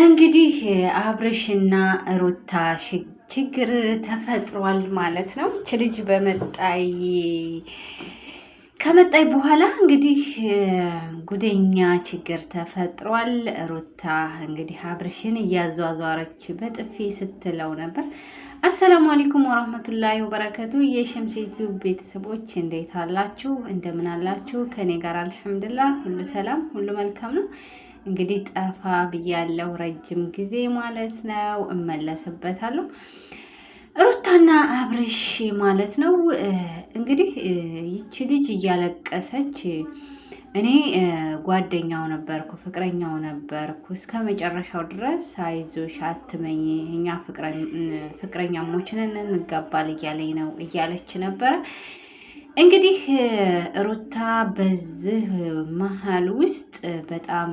እንግዲህ አብርሽና ሩታ ችግር ተፈጥሯል ማለት ነው። እች ልጅ በመጣይ ከመጣይ በኋላ እንግዲህ ጉደኛ ችግር ተፈጥሯል። ሩታ እንግዲህ አብርሽን እያዟዟረች በጥፊ ስትለው ነበር። አሰላሙ አለይኩም ወራህመቱላሂ ወበረከቱ። የሸምስ ቤተሰቦች እንዴት አላችሁ? እንደምን አላችሁ? ከኔ ጋር አልሐምድላ ሁሉ ሰላም፣ ሁሉ መልካም ነው። እንግዲህ ጠፋ ብያለሁ ረጅም ጊዜ ማለት ነው። እመለስበታለሁ። ሩታና አብርሽ ማለት ነው እንግዲህ ይቺ ልጅ እያለቀሰች እኔ ጓደኛው ነበርኩ፣ ፍቅረኛው ነበርኩ እስከ መጨረሻው ድረስ አይዞሽ፣ አትመኝ፣ እኛ ፍቅረኛሞች ነን፣ እንጋባል እያለኝ ነው እያለች ነበረ። እንግዲህ ሩታ በዚህ መሀል ውስጥ በጣም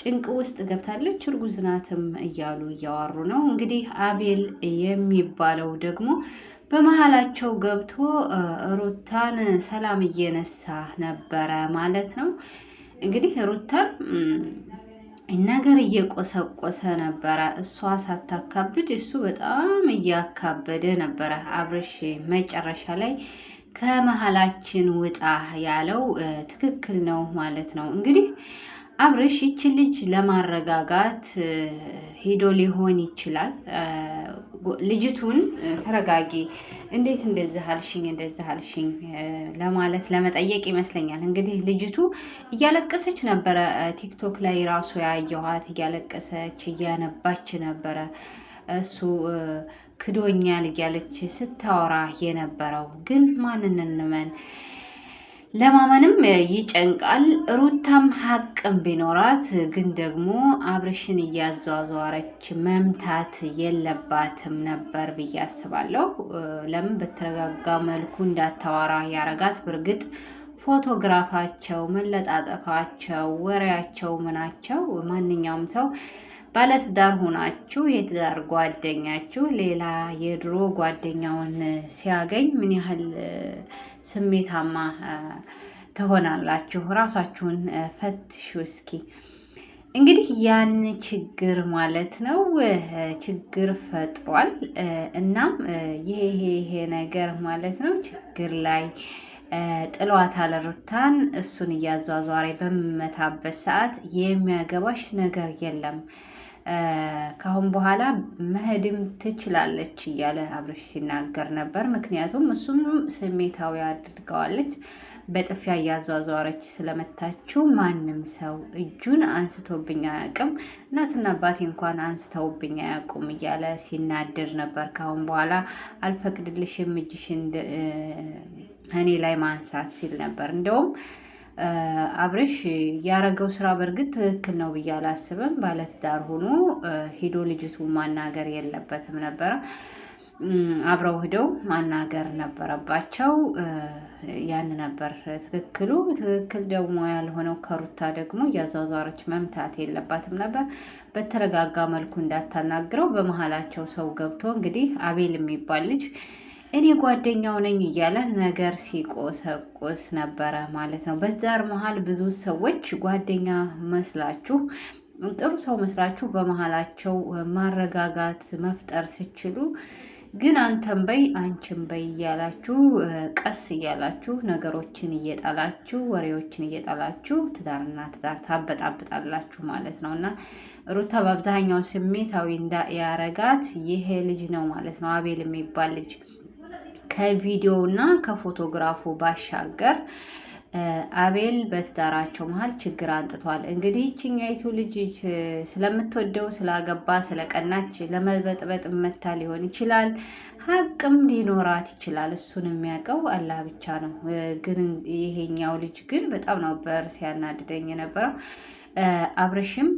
ጭንቅ ውስጥ ገብታለች። እርጉዝ ናትም እያሉ እያዋሩ ነው። እንግዲህ አቤል የሚባለው ደግሞ በመሀላቸው ገብቶ ሩታን ሰላም እየነሳ ነበረ ማለት ነው። እንግዲህ ሩታን ነገር እየቆሰቆሰ ነበረ። እሷ ሳታካብድ እሱ በጣም እያካበደ ነበረ። አብርሽ መጨረሻ ላይ ከመሀላችን ውጣ ያለው ትክክል ነው ማለት ነው። እንግዲህ አብርሽ ይችን ልጅ ለማረጋጋት ሄዶ ሊሆን ይችላል። ልጅቱን ተረጋጊ፣ እንዴት እንደዚህ አልሽኝ፣ እንደዚህ አልሽኝ ለማለት ለመጠየቅ ይመስለኛል። እንግዲህ ልጅቱ እያለቀሰች ነበረ። ቲክቶክ ላይ ራሱ ያየኋት እያለቀሰች እያነባች ነበረ እሱ ክዶኛል እያለች ስታወራ የነበረው ግን ማንን እንመን? ለማመንም ይጨንቃል። ሩታም ሀቅም ቢኖራት ግን ደግሞ አብርሽን እያዘዋዘዋረች መምታት የለባትም ነበር ብዬ አስባለሁ። ለምን በተረጋጋ መልኩ እንዳታወራ ያረጋት በእርግጥ ፎቶግራፋቸው፣ መለጣጠፋቸው፣ ወሬያቸው ምናቸው ማንኛውም ሰው ባለትዳር ሆናችሁ የትዳር ጓደኛችሁ ሌላ የድሮ ጓደኛውን ሲያገኝ ምን ያህል ስሜታማ ትሆናላችሁ? ራሳችሁን ፈትሹ እስኪ። እንግዲህ ያን ችግር ማለት ነው ችግር ፈጥሯል። እናም ይሄ ይሄ ነገር ማለት ነው ችግር ላይ ጥሏት አለሩታን እሱን እያዟዟሪ በምመታበት ሰዓት የሚያገባሽ ነገር የለም። ካሁን በኋላ መሄድም ትችላለች እያለ አብርሽ ሲናገር ነበር። ምክንያቱም እሱም ስሜታዊ አድርገዋለች በጥፊያ እያዘዋዘዋረች ስለመታችው ማንም ሰው እጁን አንስቶብኝ አያውቅም፣ እናትና አባቴ እንኳን አንስተውብኝ አያውቁም እያለ ሲናድር ነበር። ከአሁን በኋላ አልፈቅድልሽም እጅሽን እኔ ላይ ማንሳት ሲል ነበር እንደውም አብርሽ ያረገው ስራ በእርግጥ ትክክል ነው ብዬ አላስብም። ባለትዳር ሆኖ ሄዶ ልጅቱ ማናገር የለበትም ነበረ። አብረው ሂደው ማናገር ነበረባቸው። ያን ነበር ትክክሉ። ትክክል ደግሞ ያልሆነው ከሩታ ደግሞ እያዟዟረች መምታት የለባትም ነበር። በተረጋጋ መልኩ እንዳታናግረው በመሀላቸው ሰው ገብቶ እንግዲህ አቤል የሚባል ልጅ እኔ ጓደኛው ነኝ እያለ ነገር ሲቆሰቁስ ነበረ ማለት ነው። በትዳር መሀል ብዙ ሰዎች ጓደኛ መስላችሁ ጥሩ ሰው መስላችሁ በመሀላቸው ማረጋጋት መፍጠር ሲችሉ ግን አንተም በይ አንቺም በይ እያላችሁ ቀስ እያላችሁ ነገሮችን እየጣላችሁ ወሬዎችን እየጣላችሁ ትዳርና ትዳር ታበጣብጣላችሁ ማለት ነው። እና ሩታ በአብዛኛው ስሜታዊ ያረጋት ይሄ ልጅ ነው ማለት ነው፣ አቤል የሚባል ልጅ ከቪዲዮ እና ከፎቶግራፉ ባሻገር አቤል በትዳራቸው መሀል ችግር አንጥቷል። እንግዲህ ይችኛይቱ ልጅ ስለምትወደው ስላገባ ስለቀናች ለመበጥበጥ መታ ሊሆን ይችላል። ሀቅም ሊኖራት ይችላል። እሱን የሚያውቀው አላህ ብቻ ነው። ግን ይሄኛው ልጅ ግን በጣም ነበር ሲያናድደኝ የነበረው አብረሽም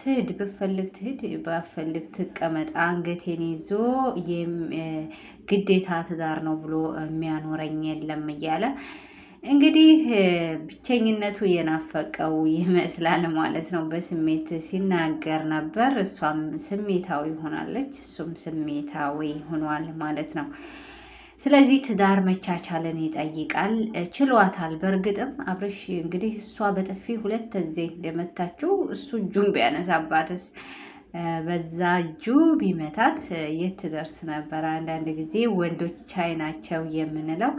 ትሂድ ብፈልግ ትሂድ ባፈልግ ትቀመጥ፣ አንገቴን ይዞ ግዴታ ትዳር ነው ብሎ የሚያኖረኝ የለም እያለ እንግዲህ ብቸኝነቱ የናፈቀው ይመስላል ማለት ነው። በስሜት ሲናገር ነበር። እሷም ስሜታዊ ሆናለች፣ እሱም ስሜታዊ ሆኗል ማለት ነው። ስለዚህ ትዳር መቻቻልን ይጠይቃል። ችሏታል። በእርግጥም አብረሽ እንግዲህ እሷ በጥፊ ሁለት ተዜ እንደመታችው እሱ እጁን ቢያነሳባትስ በዛ እጁ ቢመታት የት ደርስ ነበር? አንዳንድ ጊዜ ወንዶች ቻይ ናቸው የምንለው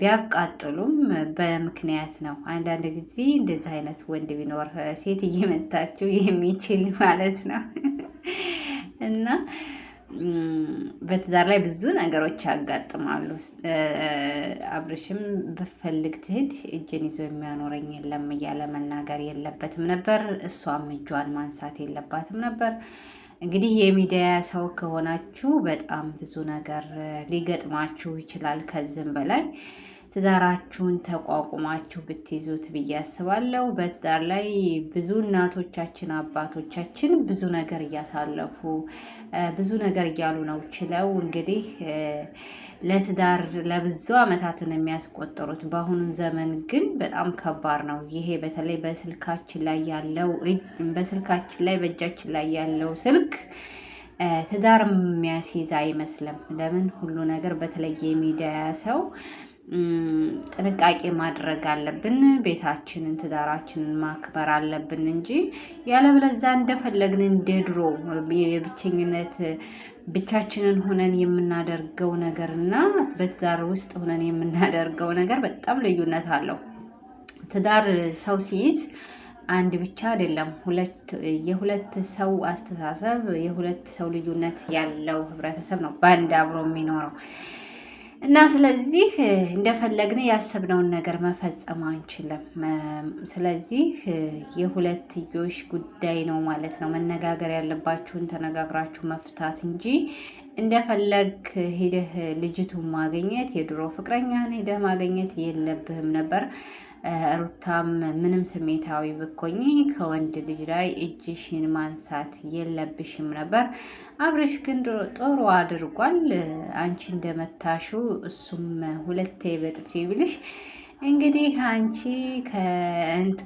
ቢያቃጥሉም በምክንያት ነው። አንዳንድ ጊዜ እንደዚህ አይነት ወንድ ቢኖር ሴት እየመታችው የሚችል ማለት ነው እና በትዳር ላይ ብዙ ነገሮች ያጋጥማሉ። አብርሽም ብፈልግ ትሄድ እጅን ይዞ የሚያኖረኝ የለም እያለ መናገር የለበትም ነበር። እሷም እጇን ማንሳት የለባትም ነበር። እንግዲህ የሚዲያ ሰው ከሆናችሁ በጣም ብዙ ነገር ሊገጥማችሁ ይችላል ከዚህም በላይ ትዳራችሁን ተቋቁማችሁ ብትይዙት ብዬ አስባለሁ። በትዳር ላይ ብዙ እናቶቻችን አባቶቻችን ብዙ ነገር እያሳለፉ ብዙ ነገር እያሉ ነው ችለው እንግዲህ ለትዳር ለብዙ ዓመታትን የሚያስቆጠሩት። በአሁኑ ዘመን ግን በጣም ከባድ ነው። ይሄ በተለይ በስልካችን ላይ ያለው በስልካችን ላይ በእጃችን ላይ ያለው ስልክ ትዳር የሚያስይዝ አይመስልም። ለምን ሁሉ ነገር በተለየ የሚዲያ ሰው ጥንቃቄ ማድረግ አለብን። ቤታችንን፣ ትዳራችንን ማክበር አለብን እንጂ ያለብለዛ እንደፈለግን እንደ ድሮ የብቸኝነት ብቻችንን ሆነን የምናደርገው ነገር እና በትዳር ውስጥ ሆነን የምናደርገው ነገር በጣም ልዩነት አለው። ትዳር ሰው ሲይዝ አንድ ብቻ አይደለም፣ የሁለት ሰው አስተሳሰብ የሁለት ሰው ልዩነት ያለው ህብረተሰብ ነው በአንድ አብሮ የሚኖረው እና ስለዚህ እንደፈለግን ያሰብነውን ነገር መፈጸም አንችልም። ስለዚህ የሁለትዮሽ ጉዳይ ነው ማለት ነው። መነጋገር ያለባችሁን ተነጋግራችሁ መፍታት እንጂ እንደፈለግ ሄደህ ልጅቱን ማግኘት የድሮ ፍቅረኛን ሄደህ ማግኘት የለብህም ነበር። ሩታም ምንም ስሜታዊ ብኮኝ ከወንድ ልጅ ላይ እጅሽን ማንሳት የለብሽም ነበር። አብረሽ ግን ጥሩ አድርጓል። አንቺ እንደመታሹ እሱም ሁለቴ በጥፊ ብልሽ እንግዲህ አንቺ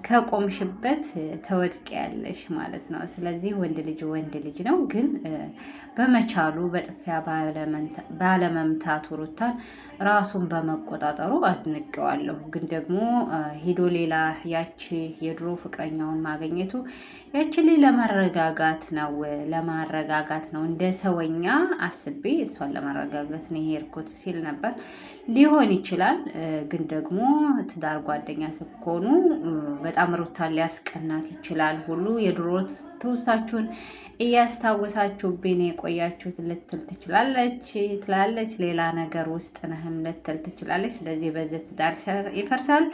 ከቆምሽበት ተወድቂያለሽ ማለት ነው። ስለዚህ ወንድ ልጅ ወንድ ልጅ ነው፣ ግን በመቻሉ በጥፊያ ባለመምታቱ ሩታን ራሱን በመቆጣጠሩ አድንቀዋለሁ። ግን ደግሞ ሄዶ ሌላ ያቺ የድሮ ፍቅረኛውን ማግኘቱ ላይ ለማረጋጋት ነው ለማረጋጋት ነው እንደ ሰወኛ አስቤ እሷን ለማረጋጋት ነው የሄድኩት ሲል ነበር። ሊሆን ይችላል ግን ደግሞ ትዳር ጓደኛ ስትሆኑ በጣም ሩታን ሊያስቀናት ይችላል። ሁሉ የድሮ ትውስታችሁን ብን የቆያችሁት ልትል ትችላለች ትላለች። ሌላ ነገር ውስጥ ነህም ልትል ትችላለች። ስለዚህ በዚህ ትዳር ይፈርሳል።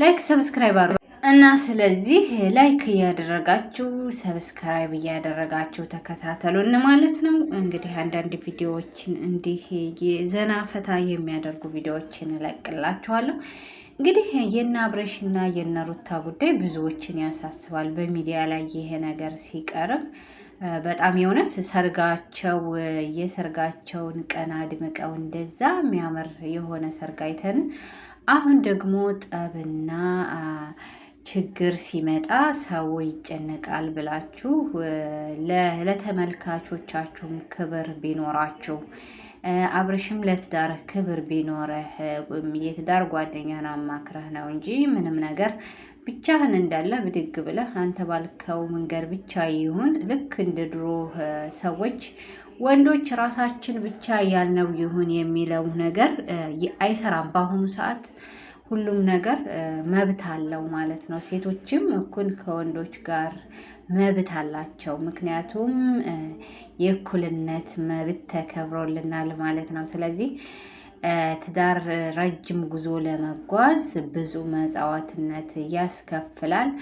ላይክ ሰብስክራይብ አድርጉ እና ስለዚህ ላይክ እያደረጋችሁ ሰብስክራይብ እያደረጋችሁ ተከታተሉን ማለት ነው። እንግዲህ አንዳንድ ቪዲዮዎችን እንዲህ ዘና ፈታ የሚያደርጉ ቪዲዮዎችን እለቅላችኋለሁ። እንግዲህ የነ አብረሽና የእነ ሩታ ጉዳይ ብዙዎችን ያሳስባል። በሚዲያ ላይ ይሄ ነገር ሲቀርብ በጣም የእውነት ሰርጋቸው የሰርጋቸውን ቀን አድምቀው እንደዛ የሚያምር የሆነ ሰርግ አይተን አሁን ደግሞ ጠብና ችግር ሲመጣ ሰው ይጨነቃል ብላችሁ ለተመልካቾቻችሁም ክብር ቢኖራችሁ አብርሽም ለትዳርህ ክብር ቢኖረህ የትዳር ጓደኛህን አማክረህ ነው እንጂ ምንም ነገር ብቻህን እንዳለ ብድግ ብለህ አንተ ባልከው መንገድ ብቻ ይሁን። ልክ እንደ ድሮ ሰዎች ወንዶች ራሳችን ብቻ ያልነው ይሁን የሚለው ነገር አይሰራም። በአሁኑ ሰዓት ሁሉም ነገር መብት አለው ማለት ነው። ሴቶችም እኩል ከወንዶች ጋር መብት አላቸው። ምክንያቱም የእኩልነት መብት ተከብሮልናል ማለት ነው። ስለዚህ ትዳር ረጅም ጉዞ ለመጓዝ ብዙ መጽዋትነት ያስከፍላል።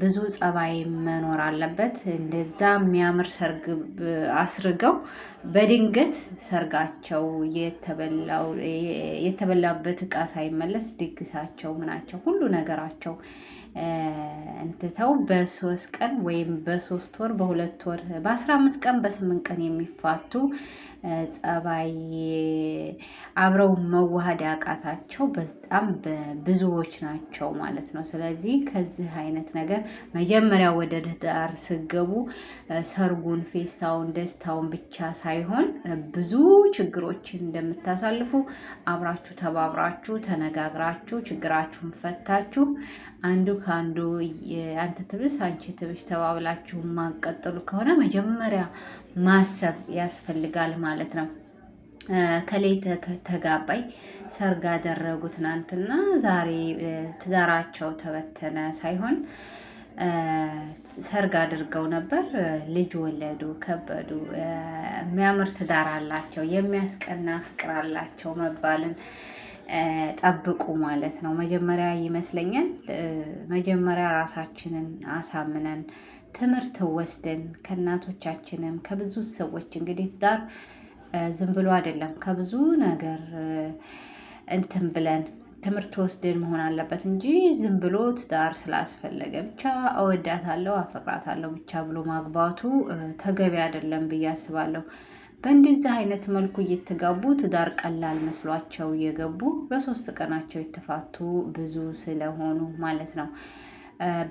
ብዙ ጸባይ መኖር አለበት። እንደዛ የሚያምር ሰርግ አስርገው በድንገት ሰርጋቸው የተበላበት እቃ ሳይመለስ ድግሳቸው፣ ምናቸው ሁሉ ነገራቸው እንትተው በሶስት ቀን ወይም በሶስት ወር በሁለት ወር በአስራ አምስት ቀን በስምንት ቀን የሚፋቱ ጸባይ አብረው መዋሃድ ያቃታቸው በጣም ብዙዎች ናቸው ማለት ነው። ስለዚህ ከዚህ አይነት ነገር መጀመሪያ ወደ ትዳር ስገቡ ሰርጉን፣ ፌስታውን፣ ደስታውን ብቻ ሳይሆን ብዙ ችግሮችን እንደምታሳልፉ አብራችሁ ተባብራችሁ ተነጋግራችሁ ችግራችሁን ፈታችሁ አንዱ ከአንዱ አንተ ትብስ አንቺ ትብስ ተባብላችሁ ማቀጠሉ ከሆነ መጀመሪያ ማሰብ ያስፈልጋል ማለት ነው። ከሌይ ተጋባይ ሰርግ አደረጉ ትናንትና። ዛሬ ትዳራቸው ተበተነ ሳይሆን ሰርግ አድርገው ነበር። ልጅ ወለዱ። ከበዱ የሚያምር ትዳር አላቸው። የሚያስቀና ፍቅር አላቸው መባልን ጠብቁ ማለት ነው። መጀመሪያ ይመስለኛል መጀመሪያ ራሳችንን አሳምነን ትምህርት ወስደን ከእናቶቻችንም ከብዙ ሰዎች እንግዲህ ትዳር ዝም ብሎ አይደለም። ከብዙ ነገር እንትን ብለን ትምህርት ወስደን መሆን አለበት እንጂ ዝም ብሎ ትዳር ስላስፈለገ ብቻ እወዳታለሁ፣ አፈቅራታለሁ ብቻ ብሎ ማግባቱ ተገቢ አይደለም ብዬ አስባለሁ። በእንደዚህ አይነት መልኩ እየተጋቡ ትዳር ቀላል መስሏቸው እየገቡ በሶስት ቀናቸው የተፋቱ ብዙ ስለሆኑ ማለት ነው።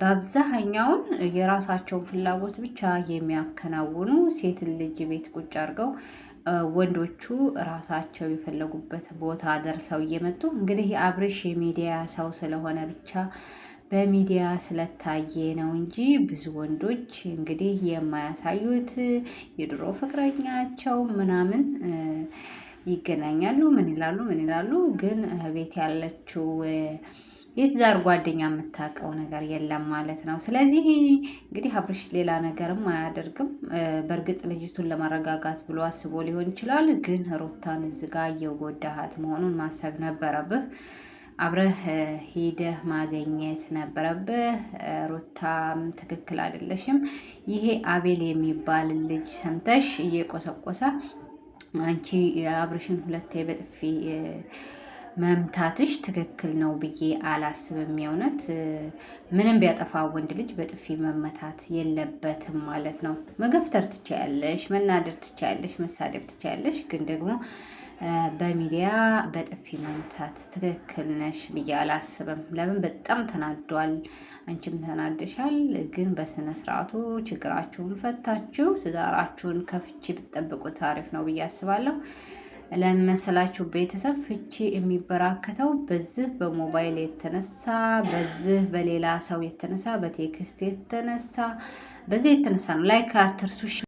በአብዛኛውን የራሳቸውን ፍላጎት ብቻ የሚያከናውኑ ሴትን ልጅ ቤት ቁጭ አድርገው ወንዶቹ ራሳቸው የፈለጉበት ቦታ ደርሰው እየመጡ እንግዲህ የአብርሽ የሚዲያ ሰው ስለሆነ ብቻ በሚዲያ ስለታየ ነው እንጂ ብዙ ወንዶች እንግዲህ የማያሳዩት የድሮ ፍቅረኛቸው ምናምን ይገናኛሉ። ምን ይላሉ ምን ይላሉ ግን ቤት ያለችው የትዳር ጓደኛ የምታውቀው ነገር የለም ማለት ነው። ስለዚህ እንግዲህ አብርሽ ሌላ ነገርም አያደርግም። በእርግጥ ልጅቱን ለማረጋጋት ብሎ አስቦ ሊሆን ይችላል፣ ግን ሩታን እዝጋ እየጎዳሃት መሆኑን ማሰብ ነበረብህ። አብረህ ሂደህ ማገኘት ነበረብህ። ሩታም ትክክል አይደለሽም። ይሄ አቤል የሚባል ልጅ ሰምተሽ እየቆሰቆሰ አንቺ አብርሽን ሁለቴ በጥፊ መምታትሽ ትክክል ነው ብዬ አላስብም። የእውነት ምንም ቢያጠፋ ወንድ ልጅ በጥፊ መመታት የለበትም ማለት ነው። መገፍተር ትቻያለሽ፣ መናደር ትቻያለሽ፣ መሳደብ ትቻያለሽ። ግን ደግሞ በሚዲያ በጥፊ መምታት ትክክል ነሽ ብዬ አላስብም። ለምን በጣም ተናዷል፣ አንቺም ተናድሻል። ግን በስነ ስርዓቱ ችግራችሁን ፈታችሁ ትዳራችሁን ከፍቺ ብትጠብቁ አሪፍ ነው ብዬ አስባለሁ። ለመሰላችሁ ቤተሰብ ፍቺ የሚበራከተው በዚህ በሞባይል የተነሳ በዚህ በሌላ ሰው የተነሳ በቴክስት የተነሳ በዚህ የተነሳ ነው። ላይክ አትርሱሽ።